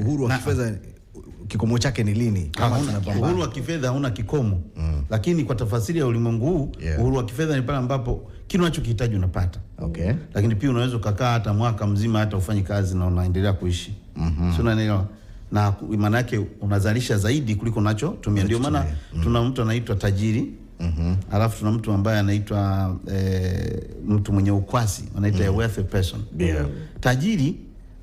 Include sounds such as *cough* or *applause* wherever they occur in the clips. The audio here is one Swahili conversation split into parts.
uhuru wa kifedha kikomo chake ni lini? Uhuru wa kifedha hauna kikomo mm. Lakini kwa tafasiri ya ulimwengu huu yeah. Uhuru wa kifedha ni pale ambapo kile unachokihitaji unapata okay. Lakini pia unaweza ukakaa hata mwaka mzima hata ufanye kazi na unaendelea kuishi mm -hmm. Sio Na maana yake unazalisha zaidi kuliko unachotumia. Ndio maana mm. tuna mtu anaitwa tajiri mm -hmm. alafu tuna mtu ambaye anaitwa e, mtu mwenye ukwasi anaitwa mm. wealthy person yeah. Tajiri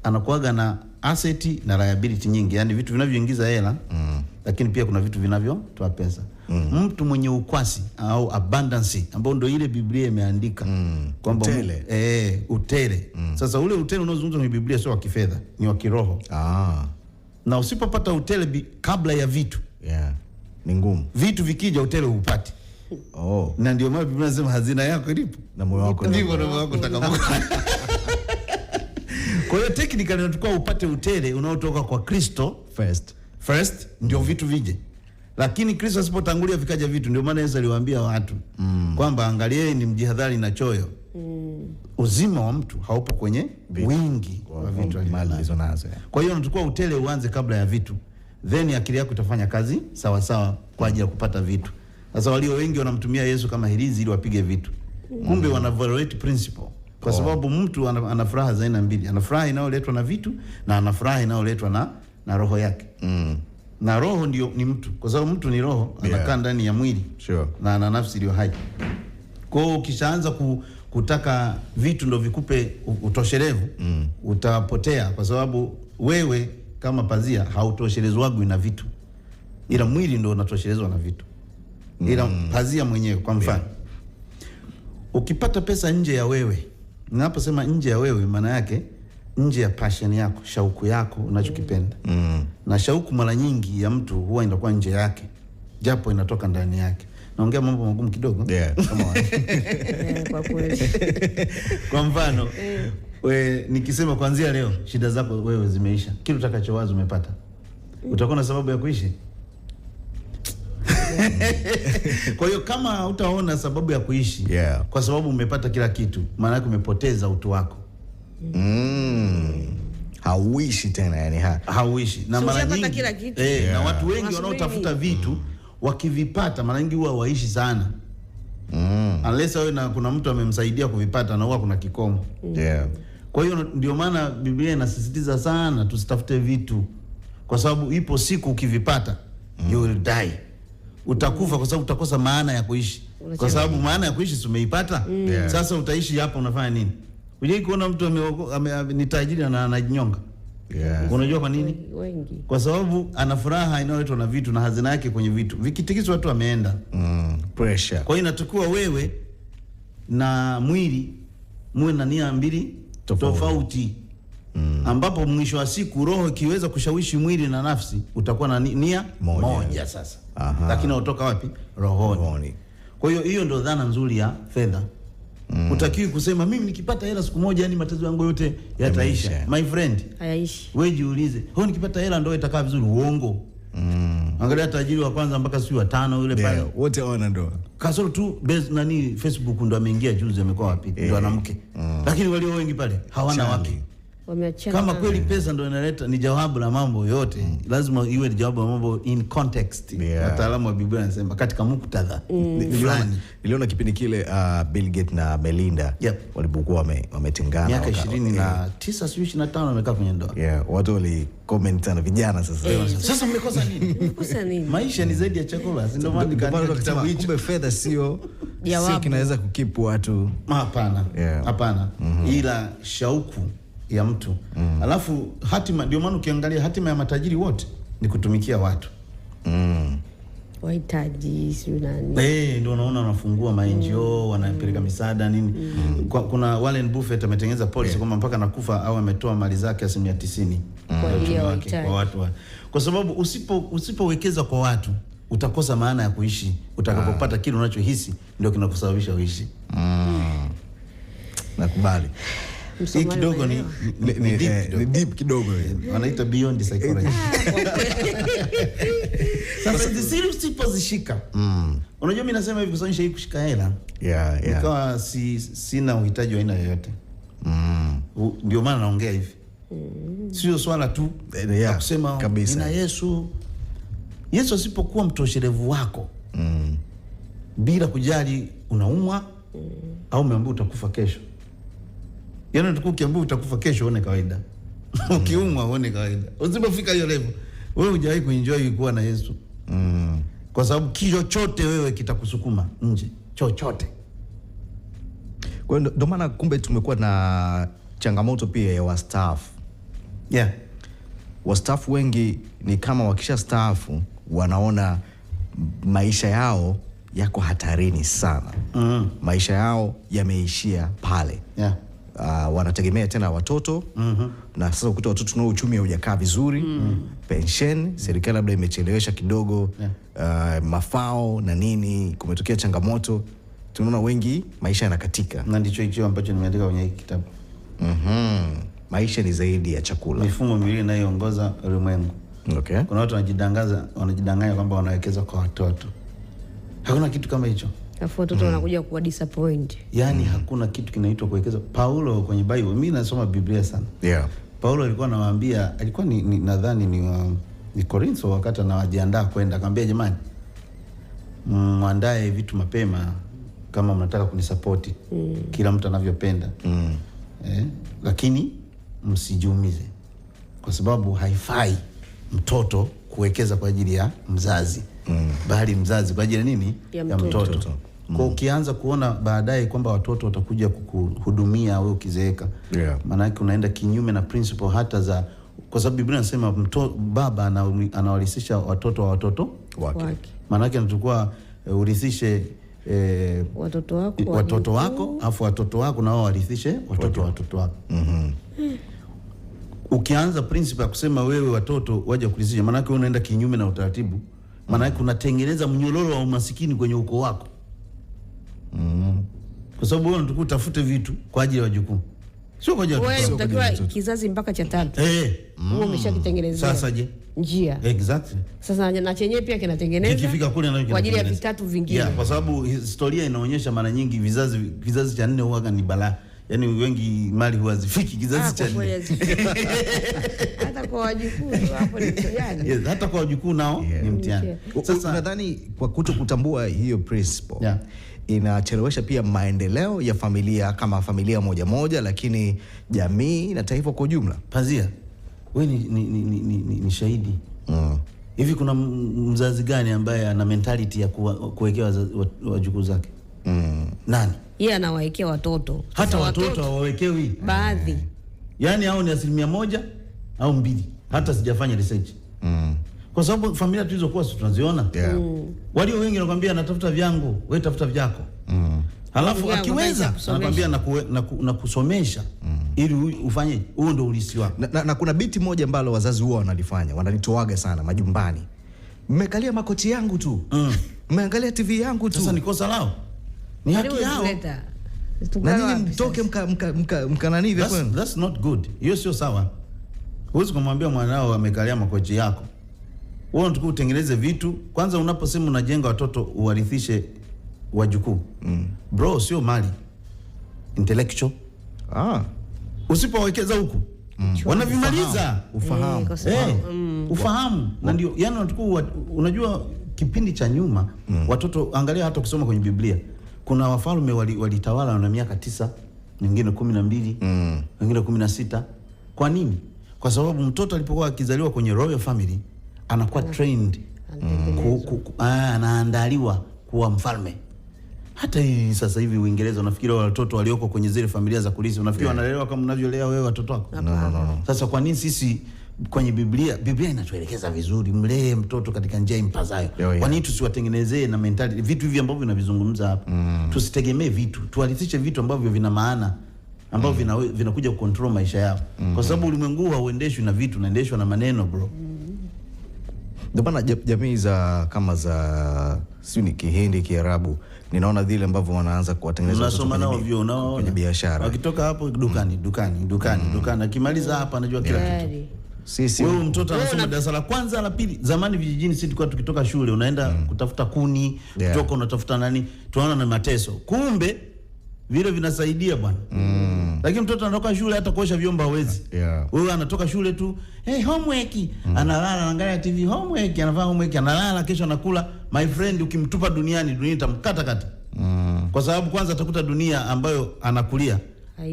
anakuaga na asset na liability nyingi, yani vitu vinavyoingiza hela mm. Lakini pia kuna vitu vinavyotoa pesa mm. Mtu mwenye ukwasi au abundance ambao ndio ile Biblia imeandika mm. kwamba utele, mu, eh, utele. Mm. Sasa ule utele unaozungumzwa kwenye Biblia sio wa kifedha, ni wa kiroho ah. Na usipopata utele bi, kabla ya vitu yeah. ni ngumu, vitu vikija utele upate oh. Na ndio maana Biblia inasema hazina yako ilipo na moyo wako ndivyo moyo wako utakapokuwa *laughs* Kwa hiyo technically unatakiwa upate utere unaotoka kwa Kristo first, first ndio mm. vitu vije, lakini Kristo asipotangulia vikaja vitu. Ndio maana Yesu aliwaambia watu mm. kwamba angalieni, ni mjihadhari na choyo mm. uzima wa mtu haupo kwenye Bito. wingi wa vitu alizo nazo. Kwa hiyo unatakiwa utere uanze kabla ya vitu, then akili yako itafanya kazi sawa sawa kwa ajili ya kupata vitu. Sasa walio wengi wanamtumia Yesu kama hirizi ili wapige vitu, kumbe mm. wana violate principle kwa oh. sababu mtu ana furaha za aina mbili, ana furaha inayoletwa na vitu na ana furaha inayoletwa na, na roho yake mm. na roho ndio ni mtu, kwa sababu mtu ni roho yeah. anakaa ndani ya mwili sure. na ana nafsi iliyo hai. Kwa hiyo ukishaanza ku, kutaka vitu ndo vikupe utoshelevu mm. utapotea, kwa sababu wewe kama pazia hautoshelezwagwi na vitu, ila mwili ndo unatoshelezwa na vitu, ila mm. pazia mwenyewe. Kwa mfano yeah. ukipata pesa nje ya wewe Ninaposema nje ya wewe, maana yake nje ya passion yako, shauku yako, unachokipenda mm. na shauku mara nyingi ya mtu huwa inakuwa nje yake, japo inatoka ndani yake. Naongea mambo magumu kidogo *laughs* eh, *laughs* kwa mfano eh. we, nikisema kuanzia leo shida zako wewe zimeisha, kitu utakachowaza umepata, mm. utakuwa na sababu ya kuishi *laughs* Kwa hiyo kama utaona sababu ya kuishi yeah, kwa sababu umepata kila kitu, maana yake umepoteza utu wako mm. Hauishi tena yani ha. Hauishi na so mara nyingi kila kitu. Eh, yeah. Na watu wengi wanaotafuta vitu mm, wakivipata mara nyingi huwa waishi sana mm, unless wewe na kuna mtu amemsaidia kuvipata na huwa kuna kikomo mm. yeah. Kwa hiyo ndio maana Biblia inasisitiza sana tusitafute vitu kwa sababu ipo siku ukivipata mm, you will die utakufa kwa sababu utakosa maana ya kuishi, kwa sababu maana ya kuishi tumeipata. mm. yeah. Sasa utaishi hapa, unafanya nini? Unajui kuona mtu ni tajiri na anajinyonga. yeah. Unajua kwa nini? Wengi. Kwa sababu ana furaha inayoletwa na vitu na hazina yake kwenye vitu vikitikiswa, watu ameenda. mm. Pressure. Kwa hiyo inatakiwa wewe na mwili muwe na nia mbili tofauti mm. ambapo mwisho wa siku roho ikiweza kushawishi mwili na nafsi utakuwa na nia moja, moja sasa Aha. lakini utoka wapi? Rohoni. rohoni. Kwa hiyo hiyo ndio dhana nzuri ya fedha. Mm. Utakiwi kusema mimi nikipata hela siku moja, yani matatizo yangu yote yataisha. My friend, hayaishi. Wewe jiulize, ho nikipata hela ndio itakaa vizuri? Uongo. Mm. Angalia tajiri wa kwanza mpaka siku ya watano yule pale. Wote wana ndoa. Kasoro tu base nani Facebook ndo ameingia juzi amekuwa wapi? Ndo eh. anamke. mm. Lakini walio wengi pale hawana wake wameachana. Kama kweli pesa ndo inaleta ni jawabu la mambo yote mm. lazima iwe ni jawabu la mambo in context wataalamu yeah. wa Biblia wanasema katika muktadha mm. fulani. Niliona kipindi kile uh, Bill Gates na Melinda yep. walipokuwa wame, wametengana miaka 29 sio 25 wamekaa kwenye ndoa yeah. watu wali comment sana vijana sasa hey. Eh. Sasa mmekosa nini? *laughs* mmekosa nini? maisha ni zaidi ya chakula, ndio maana nikaandika kitabu hicho. Kumbe fedha sio sio kinaweza kukipu watu hapana, hapana, mm-hmm. ila shauku ya mtu mm. Alafu hatima, ndio maana ukiangalia hatima ya matajiri wote ni kutumikia watu mm. wahitaji sio nani eh, ndio unaona wanafungua ma NGO mm. Oh, wanapeleka mm. misaada nini mm. Kwa, kuna Warren Buffett ametengeneza policy yeah. kwamba mpaka nakufa au ametoa mali zake asilimia tisini mm. kwa, kwa watu wa. kwa sababu usipo usipowekeza kwa watu utakosa maana ya kuishi utakapopata ah. kile unachohisi ndio kinakusababisha uishi mm. mm. Nakubali hii kidogo ni, ni, ni, deep, ni deep kidogo wanaita beyond psychology. Ah, *laughs* Sasa hizi sipozishika mm. Unajua, mimi nasema hivi kwa sababu nishai kushika hela yeah, yeah. Nikawa si, sina uhitaji wa aina yoyote mm. Ndio maana naongea hivi mm. Sio swala tu eh, yeah, kusema kabisa. Nina Yesu. Yesu asipokuwa mtosherevu wako mm. Bila kujali unaumwa mm. au umeambiwa utakufa kesho Yaani utakuwa ukiambiwa utakufa kesho uone kawaida. *laughs* Ukiumwa uone kawaida. Usipofika hiyo level, wewe hujawahi kuenjoy kuwa na Yesu. Mm. Kwa sababu kichochote wewe kitakusukuma nje. Chochote. Kwa hiyo ndio maana kumbe tumekuwa na changamoto pia ya wastaafu. Yeah. Wastaafu wengi ni kama wakisha staafu wanaona maisha yao yako hatarini sana. Mm. Maisha yao yameishia pale. Yeah uh, wanategemea tena watoto mm -hmm. na sasa ukuta watoto nao uchumi haujakaa vizuri mm -hmm. pension serikali labda imechelewesha kidogo yeah. uh, mafao na nini, kumetokea changamoto, tunaona wengi maisha yanakatika, na ndicho hicho ambacho nimeandika kwenye kitabu mm -hmm. maisha ni zaidi ya chakula, mifumo miwili inayoongoza ulimwengu okay. kuna watu wanajidangaza wanajidanganya kwamba wanawekeza kwa watoto, hakuna kitu kama hicho. Afu watoto mm. wanakuja mm. kuwa disappoint. Yaani mm. hakuna kitu kinaitwa kuwekeza. Paulo kwenye Bible, mimi nasoma Biblia sana. Yeah. Paulo alikuwa anawaambia, alikuwa ni, ni ni uh, ni Korintho wakati anawajiandaa kwenda, akamwambia jamani, mwandae vitu mapema kama mnataka kunisapoti mm. kila mtu anavyopenda mm. eh, lakini msijiumize kwa sababu haifai mtoto kuwekeza kwa ajili ya mzazi mm. bali mzazi kwa ajili ya nini? Ya mtoto, ya mtoto. Kwa ukianza kuona baadaye kwamba watoto watakuja kukuhudumia wewe ukizeeka, yeah. Maanake unaenda kinyume na principle hata za, kwa sababu Biblia anasema baba anawalisisha watoto wa watoto wake, maanake natakuwa urithishe eh, urisishe eh, watoto wako watoto wako afu watoto wako nao wao warithishe watoto watoto wako. mm -hmm. Ukianza principle ya kusema wewe watoto waja kurithisha, maanake unaenda kinyume na utaratibu, maanake unatengeneza mnyororo wa umasikini kwenye ukoo wako mm. kwa sababu wewe unatakiwa utafute vitu kwa ajili ya wajukuu, sio kwa ajili ya Wewe unatakiwa kizazi mpaka cha tatu eh, wewe umeshakitengenezea sasa. Je, njia exactly. Sasa na chenyewe pia kinatengeneza ikifika kule na kwa ajili ya vitatu vingine yeah, kwa sababu historia inaonyesha mara nyingi vizazi vizazi cha nne huaga ni balaa Yaani wengi mali huwazifiki kizazi ah, cha nne *laughs* hata kwa wajukuu hapo ni mtihani. hata kwa wajukuu nao ni mtihani. Sasa nadhani kwa kuto kutambua hiyo principle yeah, inachelewesha pia maendeleo ya familia kama familia moja moja, lakini jamii na taifa kwa ujumla. Pazia, we ni, ni, ni, ni, ni, ni shahidi mm. Hivi kuna mzazi gani ambaye ana mentality ya kuwekea wajukuu zake mm. Nani yeye? anawaekea watoto hata watoto hawawekewi baadhi, yaani hao ni asilimia moja au mbili, hata sijafanya research mm kwa sababu familia tulizokuwa tunaziona yeah. Mm. walio wengi nakwambia, natafuta vyangu, wewe tafuta vyako mm. halafu akiweza anakwambia na, na, kusomesha mm. ili ufanye huo ndio ulisi wako na, na, na kuna biti moja ambalo wazazi huwa wanalifanya wananitoaga sana majumbani, mmekalia makochi yangu tu mm. mmeangalia TV yangu tu. Sasa ni kosa lao, ni haki yao na nini mtoke mka, mka, mka, mka nani hivyo. That's, that's not good. Hiyo sio sawa. Huwezi kumwambia mwanao amekalia makochi yako wewe unataka utengeneze vitu kwanza. Unaposema unajenga watoto uwarithishe wajukuu mm. Bro, sio mali intellectual ah. Usipowekeza huku mm. wanavimaliza ufahamu, mm, ufahamu. Hey, eh, eh, mm. na mm. ndio yani unataka unajua kipindi cha nyuma mm. watoto angalia hata kusoma kwenye Biblia kuna wafalme walitawala wali na miaka tisa, wengine kumi na mbili mm. kumi na sita. Kwa nini? Kwa sababu mtoto alipokuwa akizaliwa kwenye royal family anakuwa mm. trained ah, anaandaliwa kuwa mfalme. Hata hii sasa hivi Uingereza, unafikiri watoto walioko kwenye zile familia za kulisi, unafikiri yeah, wanalelewa kama unavyolea wewe watoto wako? no, no, no. Sasa kwa nini sisi kwenye Biblia, Biblia inatuelekeza vizuri, mlee mtoto katika njia impazayo. Oh, kwa nini tusiwatengenezee na mentality vitu hivi ambavyo vinavizungumza hapa? mm. Tusitegemee vitu, tuwalisishe vitu ambavyo vina maana ambavyo mm. vinakuja vina kucontrol maisha yao mm. kwa sababu ulimwengu hauendeshwi na vitu, unaendeshwa na maneno bro. mm. Ndio maana jamii za kama za sio ni Kihindi, Kiarabu, ninaona vile ambavyo wanaanza kuwatengeneza unasoma nao vyo nao kwenye biashara. Wakitoka hapo dukani, mm. dukani, dukani, mm. dukani. Akimaliza hapa anajua kila kitu. Sisi wewe mtoto anasoma darasa la kwanza la pili. Zamani vijijini sisi tulikuwa tukitoka shule unaenda mm. kutafuta kuni, kutoka unatafuta nani? Tunaona na mateso. Kumbe vile vinasaidia bwana mm. Lakini mtoto anatoka shule hata kuosha vyombo hawezi. Yeah. Wewe anatoka shule tu, hey, homework mm. Analala anaangalia TV, homework anafanya homework, analala, kesho anakula. My friend, ukimtupa duniani dunia itamkata kata mm. Kwa sababu kwanza atakuta dunia ambayo anakulia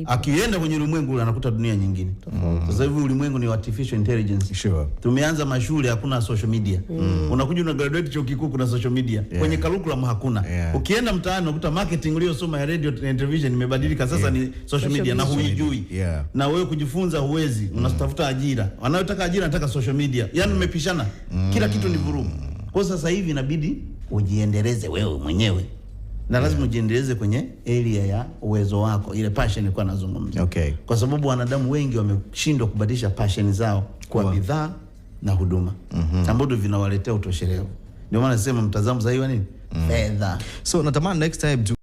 akienda kwenye ulimwengu ule anakuta dunia nyingine. mm. Sasa hivi ulimwengu ni artificial intelligence. Sure. Tumeanza mashule hakuna social media. mm. Unakuja una graduate chuo kikuu kuna social media. Yeah. Kwenye curriculum hakuna. Yeah. Ukienda mtaani unakuta marketing uliyosoma ya radio na television imebadilika sasa. Yeah. Ni social social media media, na huijui. Yeah. Na wewe kujifunza huwezi, mm. unatafuta ajira, wanayotaka ajira nataka social media, yaani mmepishana. mm. Kila kitu ni vurugu. Kwa sasa hivi inabidi ujiendeleze wewe mwenyewe na lazima ujiendeleze kwenye area ya uwezo wako, ile passion ilikuwa nazungumza. Okay. Kwa sababu wanadamu wengi wameshindwa kubadilisha passion zao kwa bidhaa na huduma mm -hmm. ambavyo vinawaletea utoshelevu, ndio maana nasema mtazamo zaidi wa nini mm. fedha. So natamani next time